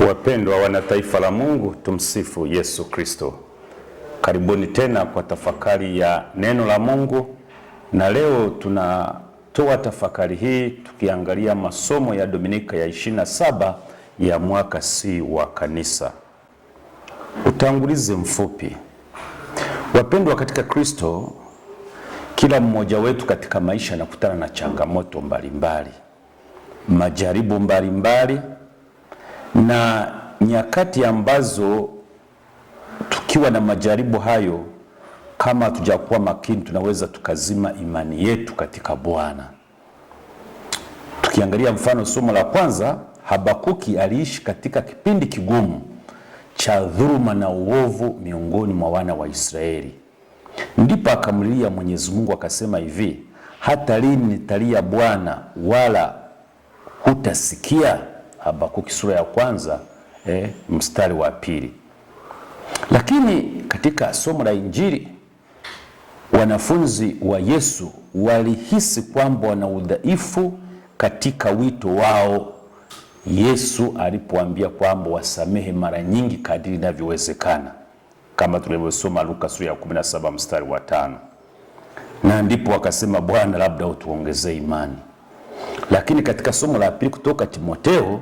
Wapendwa wana taifa la Mungu, tumsifu Yesu Kristo. Karibuni tena kwa tafakari ya neno la Mungu, na leo tunatoa tafakari hii tukiangalia masomo ya Dominika ya 27 ya mwaka C wa kanisa. Utangulizi mfupi. Wapendwa katika Kristo, kila mmoja wetu katika maisha anakutana na changamoto mbalimbali, majaribu mbalimbali na nyakati ambazo tukiwa na majaribu hayo, kama hatujakuwa makini, tunaweza tukazima imani yetu katika Bwana. Tukiangalia mfano somo la kwanza Habakuki aliishi katika kipindi kigumu cha dhuluma na uovu miongoni mwa wana wa Israeli. Ndipo akamlilia Mwenyezi Mungu akasema hivi, hata lini nitalia Bwana wala hutasikia? Habakuki sura ya kwanza eh, mstari wa pili. Lakini katika somo la Injili wanafunzi wa Yesu walihisi kwamba wana udhaifu katika wito wao Yesu alipoambia kwamba wasamehe mara nyingi kadiri inavyowezekana kama tulivyosoma Luka sura ya 17 mstari wa tano, na ndipo akasema Bwana, labda utuongezee imani. Lakini katika somo la pili kutoka Timoteo,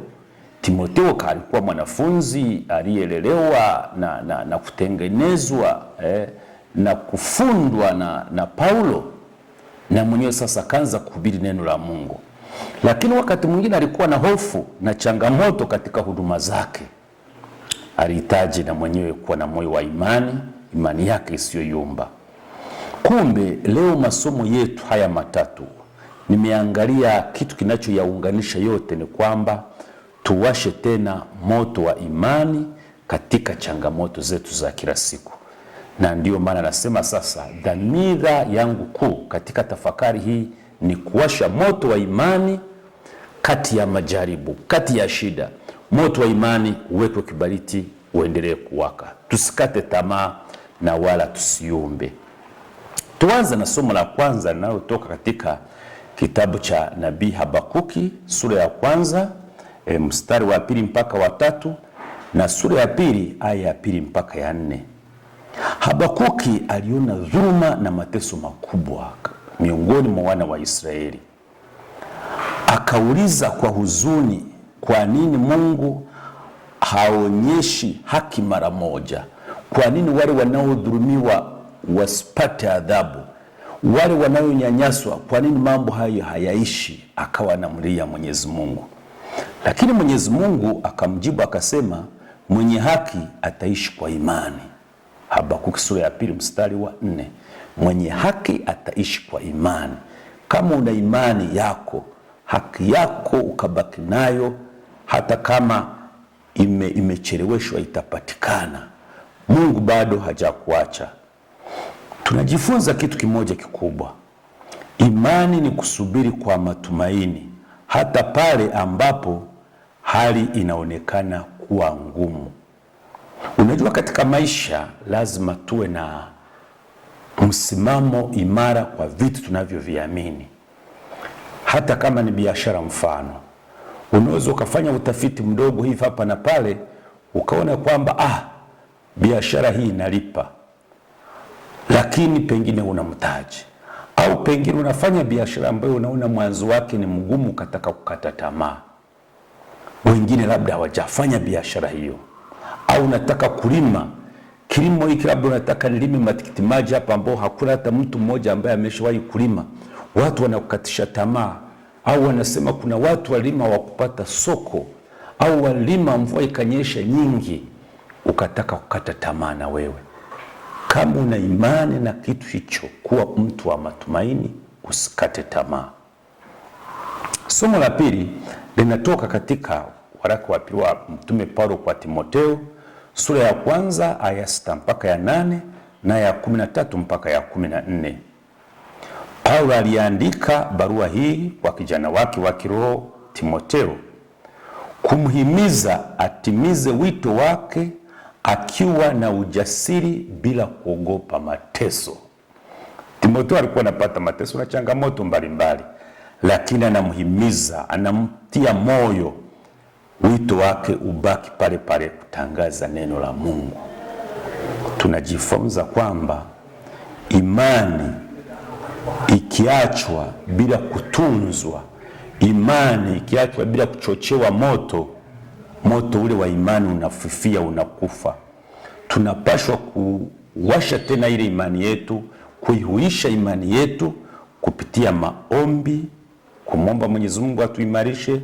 Timoteo alikuwa mwanafunzi aliyelelewa na, na, na kutengenezwa eh, na kufundwa na, na Paulo na mwenyewe sasa akaanza kuhubiri neno la Mungu lakini wakati mwingine alikuwa na hofu na changamoto katika huduma zake. Alihitaji na mwenyewe kuwa na moyo wa imani, imani yake isiyoyumba. Kumbe leo masomo yetu haya matatu, nimeangalia kitu kinachoyaunganisha yote, ni kwamba tuwashe tena moto wa imani katika changamoto zetu za kila siku, na ndiyo maana nasema sasa, dhamira yangu kuu katika tafakari hii ni kuwasha moto wa imani kati ya majaribu, kati ya shida. Moto wa imani uwekwe kibariti, uendelee kuwaka, tusikate tamaa na wala tusiumbe. Tuanze na somo la kwanza linalotoka katika kitabu cha nabii Habakuki sura ya kwanza e, mstari wa pili mpaka wa tatu na sura ya pili aya ya pili mpaka ya nne. Habakuki aliona dhuluma na mateso makubwa miongoni mwa wana wa Israeli. Akauliza kwa huzuni, kwa nini Mungu haonyeshi haki mara moja? Kwa nini wale wanaodhulumiwa wasipate adhabu? Wale wanaonyanyaswa, kwa nini mambo hayo hayaishi? Akawa anamlia Mwenyezi Mungu, lakini Mwenyezi Mungu akamjibu akasema, mwenye haki ataishi kwa imani. Habakuki sura ya pili mstari wa nne mwenye haki ataishi kwa imani. Kama una imani yako, haki yako ukabaki nayo, hata kama ime, imecheleweshwa itapatikana. Mungu bado hajakuacha. Tunajifunza kitu kimoja kikubwa, imani ni kusubiri kwa matumaini hata pale ambapo hali inaonekana kuwa ngumu. Unajua, katika maisha lazima tuwe na msimamo imara kwa vitu tunavyoviamini. Hata kama ni biashara, mfano, unaweza ukafanya utafiti mdogo hivi hapa na pale, ukaona kwamba ah, biashara hii inalipa, lakini pengine una mtaji au pengine unafanya biashara ambayo unaona mwanzo wake ni mgumu, ukataka kukata tamaa. Wengine labda hawajafanya biashara hiyo, au unataka kulima Kilimo hiki labda unataka nilime matikiti maji hapa, ambao hakuna hata mtu mmoja ambaye ameshawahi kulima. Watu wanakukatisha tamaa, au wanasema kuna watu walima wakupata soko, au walima mvua ikanyesha nyingi, ukataka kukata tamaa. Na wewe kama una imani na kitu hicho, kuwa mtu wa matumaini, usikate tamaa. Somo la pili linatoka katika waraka wa pili wa Mtume Paulo kwa Timoteo sura ya kwanza aya sita mpaka ya nane na ya kumi na tatu mpaka ya kumi na nne. Paulo aliandika barua hii kwa kijana wake wa kiroho Timoteo kumhimiza atimize wito wake akiwa na ujasiri bila kuogopa mateso. Timoteo alikuwa anapata mateso na changamoto mbalimbali, lakini anamhimiza, anamtia moyo wito wake ubaki pale pale, kutangaza neno la Mungu. Tunajifunza kwamba imani ikiachwa bila kutunzwa, imani ikiachwa bila kuchochewa moto, moto ule wa imani unafifia, unakufa. Tunapashwa kuwasha tena ile imani yetu, kuihuisha imani yetu kupitia maombi, kumwomba Mwenyezi Mungu atuimarishe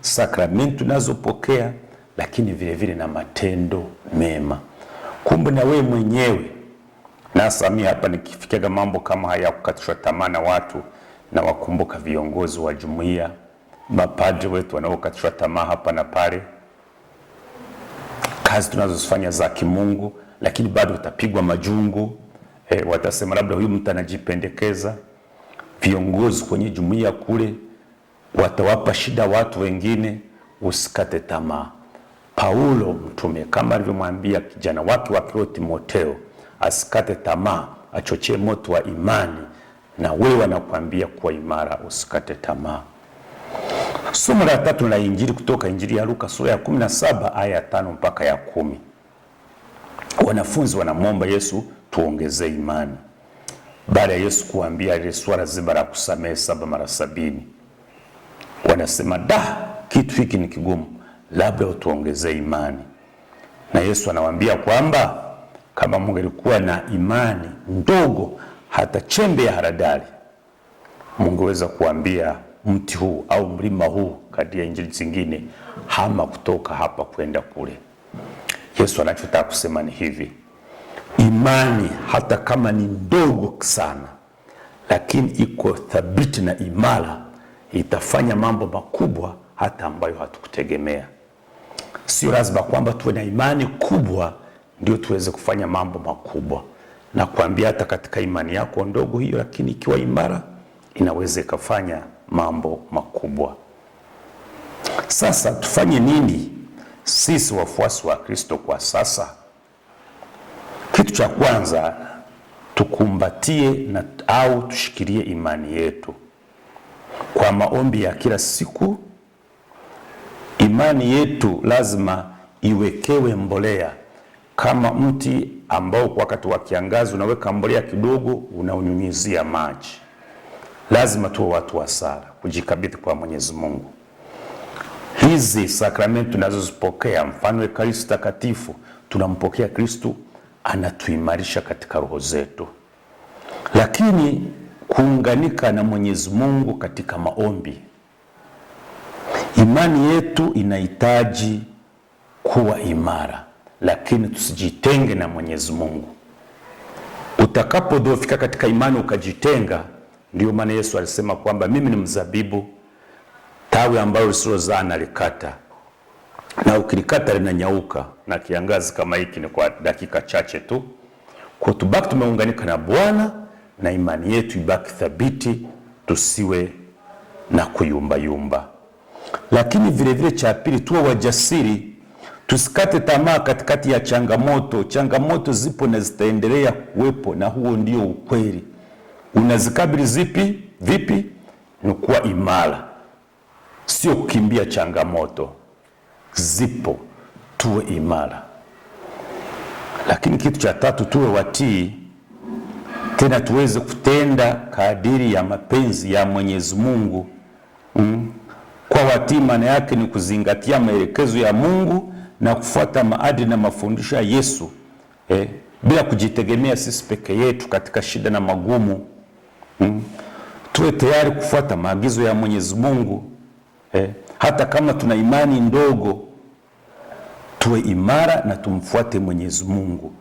sakramenti unazopokea lakini vile vile na matendo mema. Kumbe na wewe mwenyewe nasamia hapa nikifikiaga mambo kama haya ya kukatishwa tamaa na watu, na wakumbuka viongozi wa jumuiya, mapadri wetu wanaokatishwa tamaa hapa na pale, kazi tunazozifanya za kimungu, lakini bado watapigwa majungu. eh, watasema labda huyu mtu anajipendekeza. Viongozi kwenye jumuiya kule watawapa shida watu wengine, usikate tamaa. Paulo mtume kama alivyomwambia kijana wake wa kiroho Timotheo asikate tamaa, achochee moto wa imani, na wewe anakuambia kuwa imara, usikate tamaa. Somo la tatu la Injili kutoka Injili ya Luka sura ya 17 aya ya 5 mpaka ya kumi. Wanafunzi wanamwomba Yesu, tuongezee imani, baada ya Yesu kuambia ile swala zima la kusamehe saba mara sabini wanasema da, kitu hiki ni kigumu, labda utuongezee imani. Na Yesu anawaambia kwamba kama mungelikuwa na imani ndogo hata chembe ya haradali, mungeweza kuambia mti huu au mlima huu, kati ya injili zingine, hama kutoka hapa kwenda kule. Yesu anachotaka kusema ni hivi: imani hata kama ni ndogo sana, lakini iko thabiti na imara itafanya mambo makubwa hata ambayo hatukutegemea. Sio lazima kwamba tuwe na imani kubwa ndio tuweze kufanya mambo makubwa, na kuambia hata katika imani yako ndogo hiyo, lakini ikiwa imara, inaweza ikafanya mambo makubwa. Sasa tufanye nini sisi wafuasi wa Kristo kwa sasa? Kitu cha kwanza tukumbatie na au tushikilie imani yetu kwa maombi ya kila siku. Imani yetu lazima iwekewe mbolea kama mti ambao wakati wa kiangazi unaweka mbolea kidogo, unaunyunyizia maji. Lazima tuwe watu wa sala, kujikabidhi kwa Mwenyezi Mungu. Hizi sakramenti tunazozipokea, mfano Ekaristi Takatifu, tunampokea Kristu, anatuimarisha katika roho zetu, lakini kuunganika na Mwenyezi Mungu katika maombi. Imani yetu inahitaji kuwa imara, lakini tusijitenge na Mwenyezi Mungu. Utakapodhoofika katika imani ukajitenga, ndio maana Yesu alisema kwamba mimi ni mzabibu, tawi ambalo lisilozaa nalikata, na ukilikata linanyauka, na kiangazi kama hiki ni kwa dakika chache tu. Kwa tubaki tumeunganika na Bwana na imani yetu ibaki thabiti, tusiwe na kuyumbayumba. Lakini vilevile cha pili, tuwe wajasiri, tusikate tamaa katikati ya changamoto. Changamoto zipo na zitaendelea kuwepo, na huo ndio ukweli. Unazikabili zipi? Vipi? ni kuwa imara, sio kukimbia changamoto. Zipo, tuwe imara. Lakini kitu cha tatu, tuwe watii tena tuweze kutenda kadiri ya mapenzi ya Mwenyezi Mungu mm. Kwa watii maana yake ni kuzingatia maelekezo ya Mungu na kufuata maadili na mafundisho ya Yesu eh, bila kujitegemea sisi peke yetu katika shida na magumu mm. Tuwe tayari kufuata maagizo ya Mwenyezi Mungu eh, hata kama tuna imani ndogo, tuwe imara na tumfuate Mwenyezi Mungu.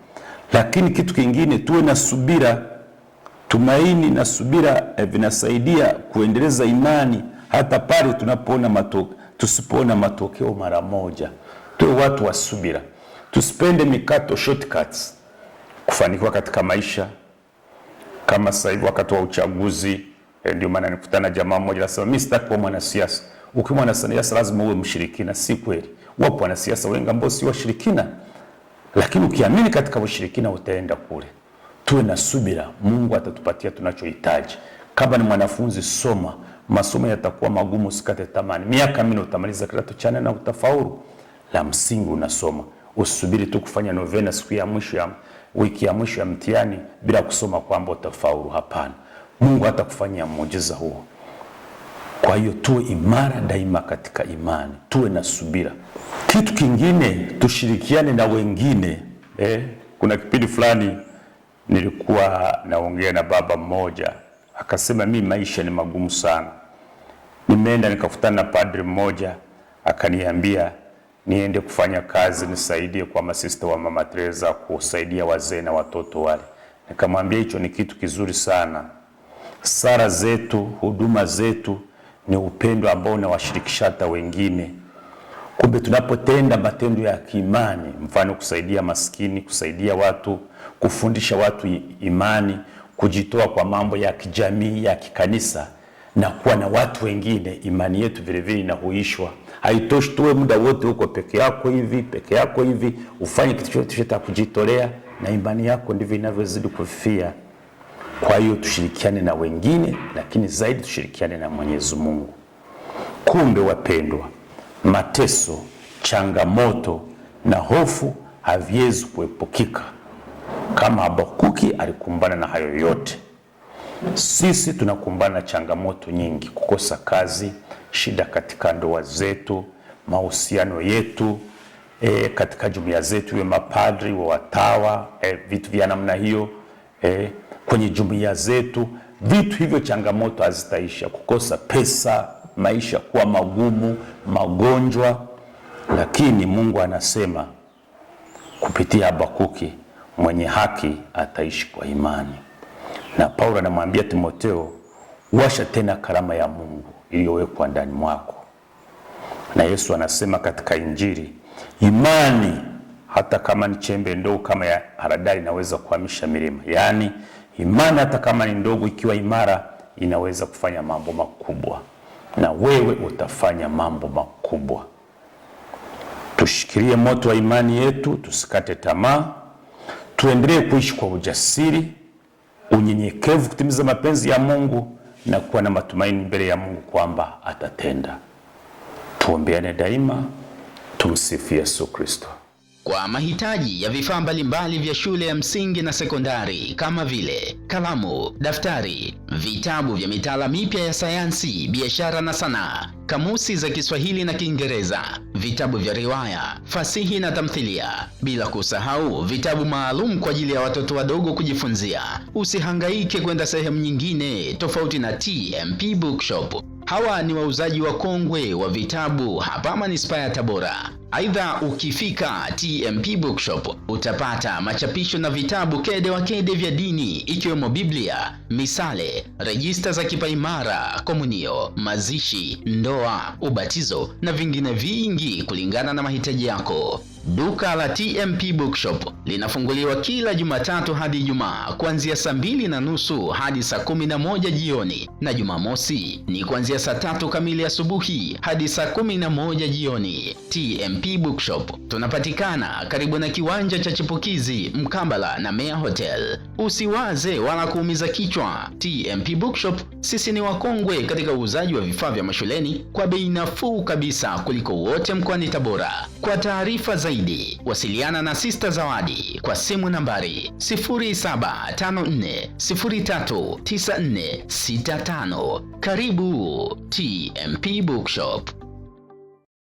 Lakini kitu kingine, tuwe na subira Tumaini na subira eh, vinasaidia kuendeleza imani hata pale tunapoona matokeo, tusipoona matokeo mara moja. Tuwe watu wa subira, tusipende mikato shortcuts kufanikiwa katika maisha. Kama sasa hivi wakati wa uchaguzi eh, ndio maana nikutana jamaa mmoja anasema mimi sitaki kuwa mwanasiasa. Ukiwa mwanasiasa lazima uwe mshirikina. Si kweli, wapo wanasiasa wengi ambao si washirikina, lakini ukiamini katika ushirikina utaenda kule tuwe na subira, Mungu atatupatia tunachohitaji. Kama ni mwanafunzi, soma. Masomo yatakuwa magumu, usikate tamani. Miaka minne utamaliza kidato cha nne na utafaulu. La msingi unasoma, usubiri tu kufanya novena siku ya mwisho ya wiki ya mwisho ya mtihani bila kusoma kwamba utafaulu. Hapana, Mungu atakufanyia muujiza huo. Kwa hiyo tuwe imara daima katika imani, tuwe na subira. Kitu kingine, tushirikiane na wengine eh. Kuna kipindi fulani nilikuwa naongea na baba mmoja akasema, mi maisha ni magumu sana. Nimeenda nikakutana na padri mmoja akaniambia niende kufanya kazi nisaidie kwa masista wa Mama Teresa kusaidia wazee na watoto wale. Nikamwambia hicho ni kitu kizuri sana. Sara zetu, huduma zetu ni upendo ambao unawashirikisha hata wengine. Kumbe tunapotenda matendo ya kiimani, mfano kusaidia maskini, kusaidia watu kufundisha watu imani, kujitoa kwa mambo ya kijamii ya kikanisa na kuwa na watu wengine. Imani yetu vile vile inahuishwa. Haitoshi tuwe muda wote huko peke yako hivi peke yako hivi, ufanye kitu chochote cha kujitolea, na imani yako ndivyo inavyozidi kufia. Kwa hiyo tushirikiane na wengine, lakini zaidi tushirikiane na Mwenyezi Mungu. Kumbe wapendwa, mateso, changamoto na hofu haviwezi kuepukika. Kama Habakuki alikumbana na hayo yote, sisi tunakumbana na changamoto nyingi: kukosa kazi, shida katika ndoa zetu, mahusiano yetu, e, katika jumuiya zetu, iwe mapadri wa watawa, e, vitu vya namna hiyo, e, kwenye jumuiya zetu, vitu hivyo, changamoto hazitaisha. Kukosa pesa, maisha kuwa magumu, magonjwa, lakini Mungu anasema kupitia Habakuki mwenye haki ataishi kwa imani. Na Paulo anamwambia Timotheo, washa tena karama ya Mungu iliyowekwa ndani mwako. Na Yesu anasema katika Injili, imani hata kama ni chembe ndogo kama ya haradali inaweza kuhamisha milima. Yaani imani hata kama ni ndogo, ikiwa imara inaweza kufanya mambo makubwa, na wewe utafanya mambo makubwa. Tushikilie moto wa imani yetu, tusikate tamaa tuendelee kuishi kwa ujasiri, unyenyekevu, kutimiza mapenzi ya Mungu na kuwa na matumaini mbele ya Mungu kwamba atatenda. Tuombeane daima. Tumsifu Yesu Kristo. Kwa mahitaji ya vifaa mbalimbali vya shule ya msingi na sekondari kama vile kalamu, daftari, vitabu vya mitaala mipya ya sayansi, biashara na sanaa kamusi za Kiswahili na Kiingereza, vitabu vya riwaya, fasihi na tamthilia, bila kusahau vitabu maalum kwa ajili ya watoto wadogo kujifunzia. Usihangaike kwenda sehemu nyingine tofauti na TMP Bookshop. Hawa ni wauzaji wakongwe wa vitabu hapa manispaa ya Tabora. Aidha, ukifika TMP Bookshop utapata machapisho na vitabu kede wa kede vya dini ikiwemo Biblia, misale, rejista za kipaimara, komunio, mazishi, ndoa, ubatizo na vingine vingi kulingana na mahitaji yako. Duka la TMP Bookshop linafunguliwa kila Jumatatu hadi Ijumaa kuanzia saa mbili na nusu hadi saa kumi na moja jioni na Jumamosi ni kuanzia saa tatu kamili asubuhi hadi saa kumi na moja jioni. TMP Bookshop tunapatikana karibu na kiwanja cha Chipukizi mkambala na Mea Hotel. Usiwaze wala kuumiza kichwa. TMP Bookshop sisi ni wakongwe katika uuzaji wa vifaa vya mashuleni kwa bei nafuu kabisa kuliko wote mkoani Tabora. Kwa taarifa za zaidi, wasiliana na Sista Zawadi kwa simu nambari 0754039465. Karibu TMP Bookshop.